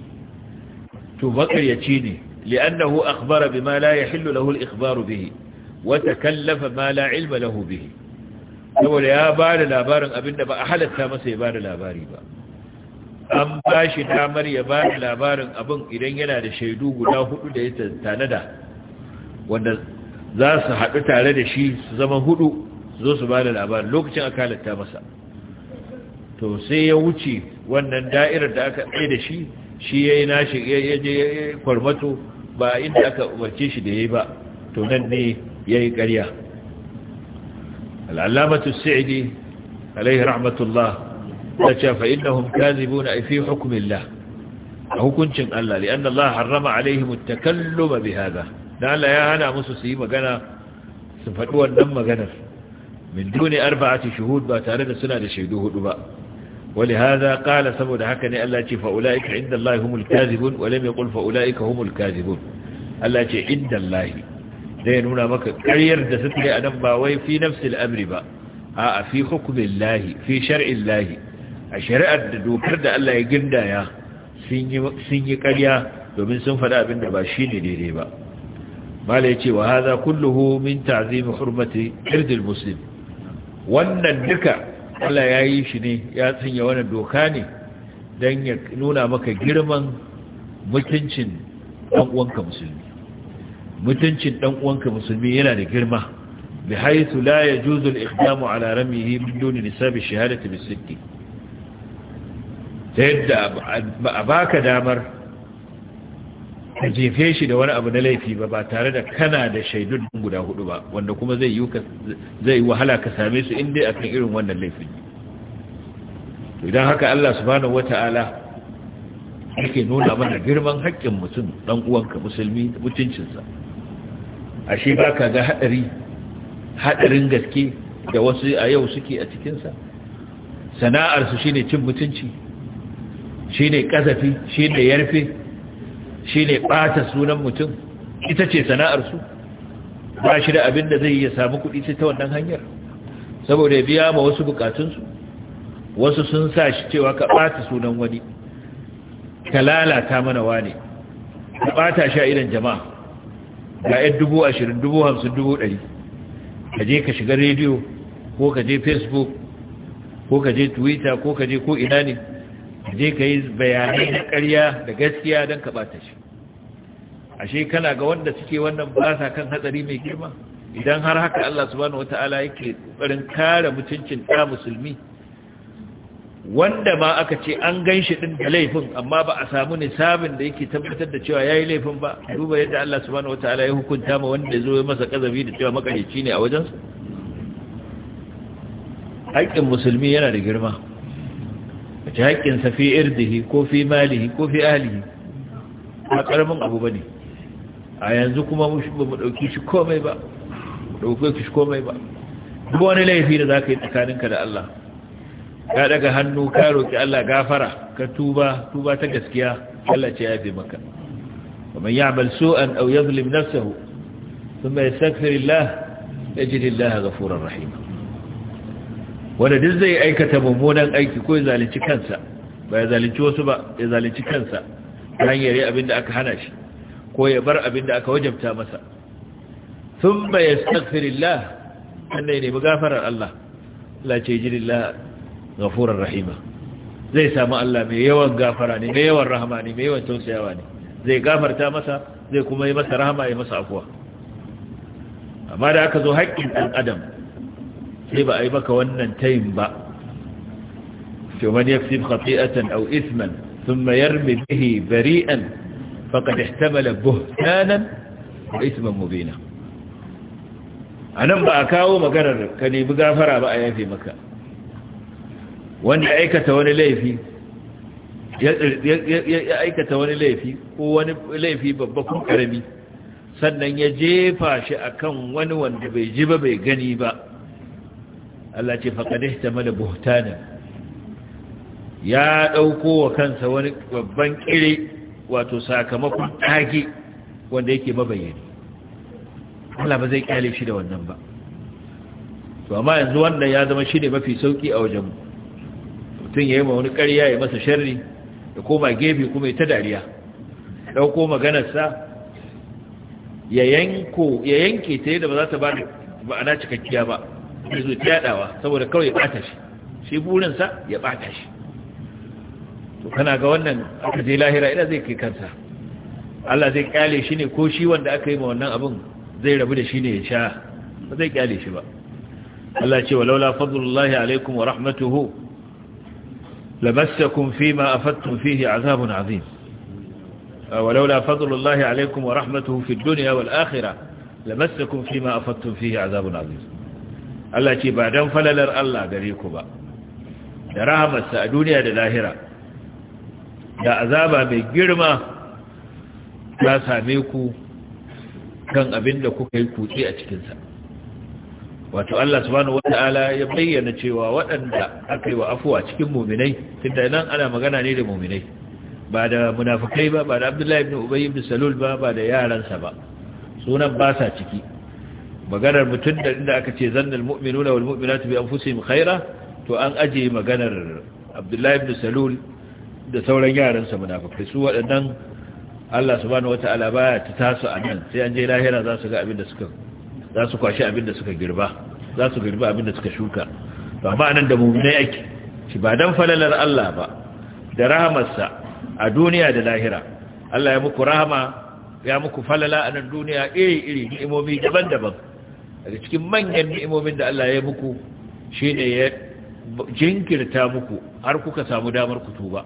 to makaryaci ne li'annahu akhbara bima la yahillu lahu al-ikhbaru bihi wa takallafa ma la ilma lahu bihi saboda ya ba da labarin abinda ba a halatta masa ya ba da labari ba an ba shi damar ya ba da labarin abin idan yana da shaidu guda hudu da ya tanada wanda za su haɗu tare da shi su zama hudu zo su ba da labarin lokacin aka halatta masa to sai ya wuce wannan da'irar da aka tsaye da shi shi ya yi nashi ya je kwarmato ba inda aka umarce shi da ya yi ba to nan ne ya yi ƙarya al'alamatu sa'idi alaihi rahmatullah ta ce fa'inahun kazibu na fi hukumin la a hukuncin Allah li'an Allah harrama alaihim takalluma bi hada da Allah ya hana musu su yi magana su faɗi wannan maganar min duni arba'ati shuhud ba tare da suna da shaidu hudu ba ولهذا قال saboda haka ne Allah ce fa ulaika inda Allah humul kazibun wa lam yaqul fa ulaika humul kazibun Allah ce inda Allah dai nuna maka ƙaryar da suke a nan ba wai fi nafsil amri ba a'a fi hukmillah fi shar'illah a shari'ar da dokar da Allah ya gindaya sun yi sun yi ƙarya domin sun faɗa abin da ba shine daidai ba mala yace wa hadha kulluhu min ta'zim hurmati irdil muslim wannan duka Allah ya yi shi ne ya sanya wannan doka ne dan ya nuna maka girman mutuncin dan uwanka musulmi mutuncin dan uwanka musulmi yana da girma بحيث لا يجوز الإقدام على رميه من دون نساب الشهادة بالست تبدأ ka jefe shi da wani abu na laifi ba ba tare da kana da shaidun guda hudu ba wanda kuma zai yi zai wahala ka same su inda akan irin wannan laifin idan haka Allah subhanahu wata'ala yake nuna mana girman haƙƙin mutum dan uwanka musulmi mutuncinsa ashe ka ga hadari hadarin gaske da wasu a yau suke a cikin sa shine cin mutunci shine kazafi shine yarfe shi ne ɓata sunan mutum ita ce sana'arsu ba shi da abin da zai ya samu kuɗi sai ta wannan hanyar saboda ya biya ma wasu bukatunsu wasu sun sa shi cewa ka ɓata sunan wani ka lalata mana wane ka ɓata sha irin jama'a ga 'yan dubu ashirin dubu hamsin dubu ɗari ka je ka shiga rediyo ko ka je facebook ko ka je twitter ko ka je ko ina ne je ka yi bayanai na ƙarya da gaskiya don ka ɓata shi ashe kana ga wanda suke wannan ba sa kan hatsari mai girma idan har haka Allah subhanahu wata'ala yake barin kare mutuncin ɗa musulmi wanda ma aka ce an gan shi ɗin da laifin amma ba a samu nisabin da yake tabbatar da cewa ya yi laifin ba duba yadda Allah subhanahu wa ya hukunta ma wanda zo masa kazabi da cewa makarici ne a wajensa haƙƙin musulmi yana da girma ka ci haƙƙinsa fi irdihi ko fi malihi ko fi ahlihi a ƙaramin abu ba ne a yanzu kuma mu ɗauki shi komai ba ɗauki shi komai ba duk wani laifi da za ka yi tsakaninka da Allah ka daga hannu ka roƙi Allah gafara ka tuba tuba ta gaskiya Allah ce ya fi maka ومن يعمل سوءا أو يظلم نفسه ثم يستغفر الله يجد الله غفورا رحيما wanda duk zai aikata mummunan aiki ko ya zalunci kansa ba ya zalunci wasu ba ya zalunci kansa ta hanyar abin da aka hana shi ko ya bar abin da aka wajabta masa sun ba ya stagfirillah wanda ya nemi gafarar Allah lace jirillah gafurar rahima zai samu Allah mai yawan gafara ne mai yawan rahama ne mai yawan tausayawa ne zai gafarta masa zai kuma yi masa rahama ya masa afuwa amma da aka zo haƙƙin ɗan adam sai ba a yi maka wannan tayin ba to man yaksib khati'atan aw ithman thumma yarmi bihi bari'an faqad ihtamala buhtanan wa ithman mubina anan ba a kawo maganar ka nemi gafara ba a yafe maka wanda aikata wani laifi ya aikata wani laifi ko wani laifi babba ko karami sannan ya jefa shi akan wani wanda bai ji ba bai gani ba Allah ce faƙaɗe ta mada buhtanin ya ɗauko wa kansa wani babban ƙire wato sakamakon ɗage wanda yake mabayyani Allah ba zai ƙyale shi da wannan ba to amma yanzu wannan ya zama shi ne mafi sauƙi a wajen mutum ya yi ma wani ƙarya ya masa sharri ya koma gefe kuma ya ta dariya ɗauko maganarsa ya yanke ta yadda ba za ta ba ma'ana cikakkiya ba sai su yaɗawa saboda kawai ya ɓata shi shi burinsa ya ɓata shi to kana ga wannan aka je lahira ina zai kai kansa Allah zai kyale shi ne ko shi wanda aka yi ma wannan abin zai rabu da shi ne ya sha ba zai kyale shi ba Allah ce walaula fadlullahi alaikum wa rahmatuhu lamassakum fima afattum fihi azabun azim walaula fadlullahi alaikum wa rahmatuhu fid dunya wal akhirah lamassakum fima afattum fihi azabun azim Allah ce ba don falalar Allah gare ku ba da rahamarsa a duniya da lahira da azaba mai girma ya same ku kan abin da kuka yi kutse a cikinsa wato Allah subhanahu ya bayyana cewa waɗanda aka yi wa afuwa cikin muminai tunda nan ana magana ne da muminai ba da munafukai ba ba da abdullahi ibn ubayy ibn salul ba ba da yaransa ba sunan ba sa ciki maganar mutum da inda aka ce muminu zannal mu'minuna wal mu'minatu bi mu khaira to an aje maganar Abdullahi ibn Salul da sauran yaransa munafikai su waɗannan Allah Su Bani wata alabaya ta tasu a nan sai an je lahira za su ga abin da suka za su kwashi abin da suka girba za su girba abin da suka shuka to amma anan da mu'minai ake shi ba don falalar Allah ba da rahamarsa a duniya da lahira Allah ya muku rahama ya muku falala a nan duniya iri iri ni'imomi daban-daban daga cikin manyan ni'imomin da Allah ya muku shi ne ya jinkirta muku har kuka samu damar ku tuba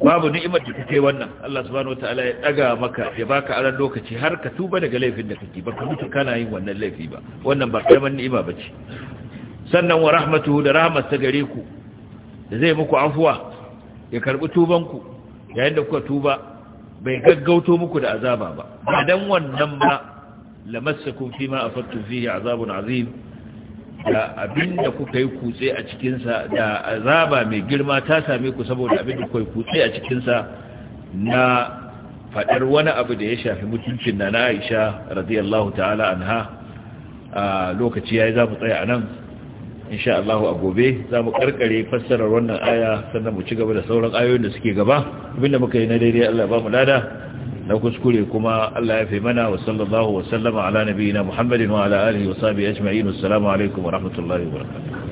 babu ni'imar da kuke wannan Allah subhanahu wataala ya daga maka ya baka aran lokaci har ka tuba daga laifin da kake baka mutu kana yin wannan laifi ba wannan ba karamar ni'ima bace sannan wa rahmatuhu da rahmat ta gare ku da zai muku afuwa ya karbi tuban ku yayin da kuka tuba bai gaggauto muku da azaba ba dan wannan ba lamassakum fima afattum fihi azabun azim da abinda kuka yi kutse a cikinsa da azaba mai girma ta same ku saboda abinda kuka yi kutse a cikinsa na faɗar wani abu da ya shafi mutuncin na na aisha radiyallahu ta'ala anha a lokaci ya yi za mu tsaya anan nan insha Allah a gobe za mu karkare fassarar wannan aya sannan mu ci gaba da sauran ayoyin da suke gaba abinda muka yi na daidai Allah ba mu lada na kuskure kuma Allah ya fi mana wa sallallahu wa sallama ala nabiyina Muhammadin wa ala alihi wa sahbihi ajma'in assalamu alaikum wa rahmatullahi wa barakatuh